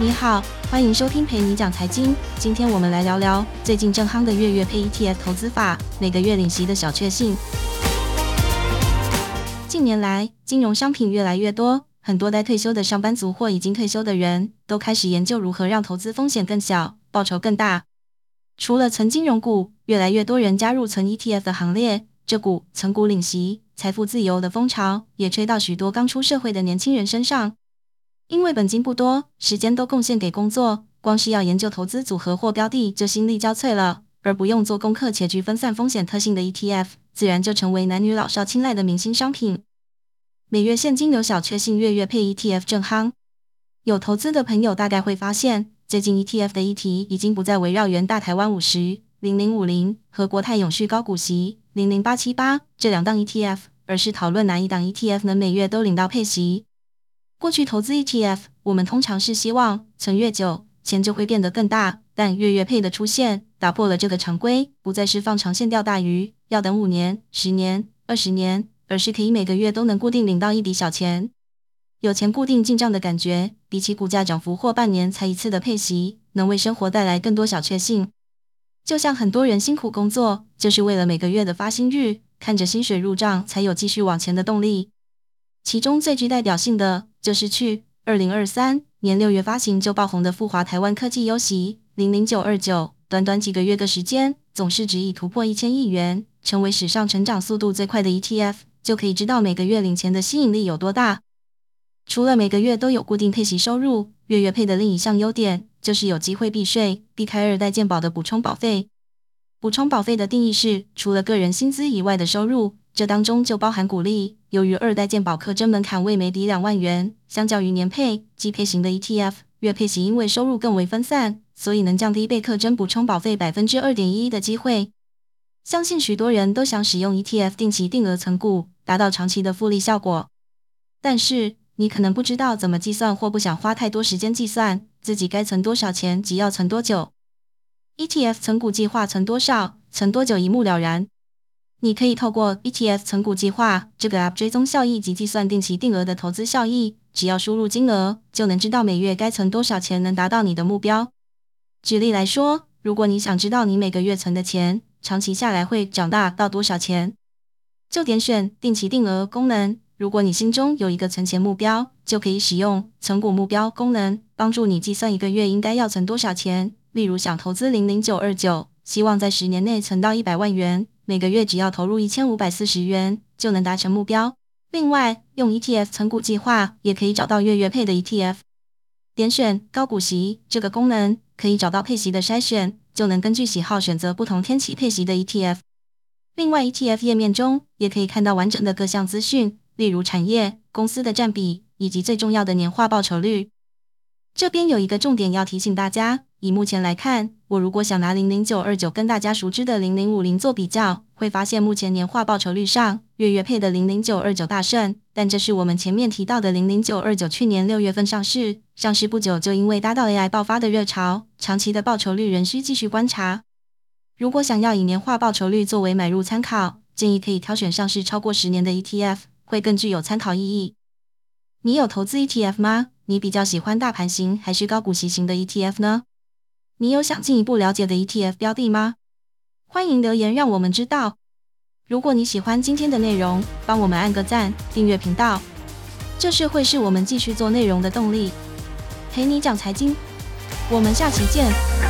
你好，歡迎收聽裴妮講財經。今天我們來聊聊最近正夯的月月配 ETF 投資法，每個月領息的小確幸。近年來，金融商品越來越多，很多待退休的上班族或已經退休的人都開始研究如何讓投資風險更小，報酬更大。除了存金融股，越來越多人加入存 ETF 的行列。這股“存股領息，財富自由”的風潮也吹到許多剛出社會的年輕人身上。因為本金不多，時間都貢獻給工作，光是要研究投資組合或標的就心力交瘁了。而不用做功課且具分散風險特性的 ETF，自然就成為男女老少青睞的明星商品。每月現金流小確幸，月月配 ETF 正夯。有投資的朋友大概會發現，最近 ETF 的議題已經不再圍繞元大台灣50、0050和國泰永續高股息00878這兩檔 ETF，而是討論哪一檔 ETF 能每月都領到配息。過去投資 ETF，我們通常是希望存越久，錢就會變得更大。但月月配的出現打破了這個常規，不再是放長線釣大魚，要等五年、十年、二十年，而是可以每個月都能固定領到一筆小錢。有錢固定進賬的感覺，比起股價漲幅或半年才一次的配息，能為生活帶來更多小確幸。就像很多人辛苦工作，就是為了每個月的發薪日，看着薪水入賬，才有繼續往前的動力。其中最具代表性的。就是去二零二三年六月發行就爆紅的復華台灣科技優息零零九二九，29，短短幾個月的時間，總市值已突破一千億元，成為史上成長速度最快的 ETF，就可以知道每個月領錢的吸引力有多大。除了每個月都有固定配息收入，月月配的另一項優點就是有機會避稅，避開二代健保的補充保費。補充保費的定義是除了個人薪資以外的收入。這當中就包含股利，由於二代健保課徵門檻為每筆兩萬元，相較於年配、季配型的 ETF，月配型因為收入更為分散，所以能降低被課徵補充保費百分之二點一一的機會。相信，許多人都想使用 ETF 定期定額存股，達到長期的複利效果。但是你可能不知道怎麼計算，或不想花太多時間計算自己該存多少錢及要存多久。ETF 存股計劃存多少、存多久一目了然。你可以透過 ETF 存股計劃這個 App 追蹤效益及計算定期定額的投資效益，只要輸入金額，就能知道每月該存多少錢能達到你的目標。舉例來說，如果你想知道你每個月存的錢，長期下來會長大到多少錢，就點選定期定額功能。如果你心中有一個存錢目標，就可以使用存股目標功能，幫助你計算一個月應該要存多少錢。例如想投資零零九二九，希望在十年內存到一百萬元。每個月只要投入一千五百四十元，就能達成目標。另外，用 ETF 存股計劃也可以找到月月配的 ETF。點選高股息，這個功能可以找到配息的篩選，就能根據喜好選擇不同天期配息的 ETF。另外，ETF 頁面中也可以看到完整的各項資訊，例如產業、公司的佔比，以及最重要的年化報酬率。這邊有一個重點要提醒大家，以目前來看，我如果想拿零零九二九跟大家熟知的零零五零做比較，會發現目前年化報酬率上，月月配的零零九二九大勝。但這是我們前面提到的零零九二九去年六月份上市，上市不久就因為搭到 AI 爆發的熱潮，長期的報酬率仍需繼續觀察。如果想要以年化報酬率作為買入參考，建議可以挑選上市超過十年的 ETF，會更具有參考意義。你有投資 ETF 嗎？你比較喜歡大盤型還是高股息型的 ETF 呢？你有想進一步了解的 ETF 標的嗎？歡迎留言讓我們知道。如果你喜歡今天的內容，幫我們按個讚，訂閱頻道，這是會是我們繼續做內容的動力。裴妮講財經，我們下期見。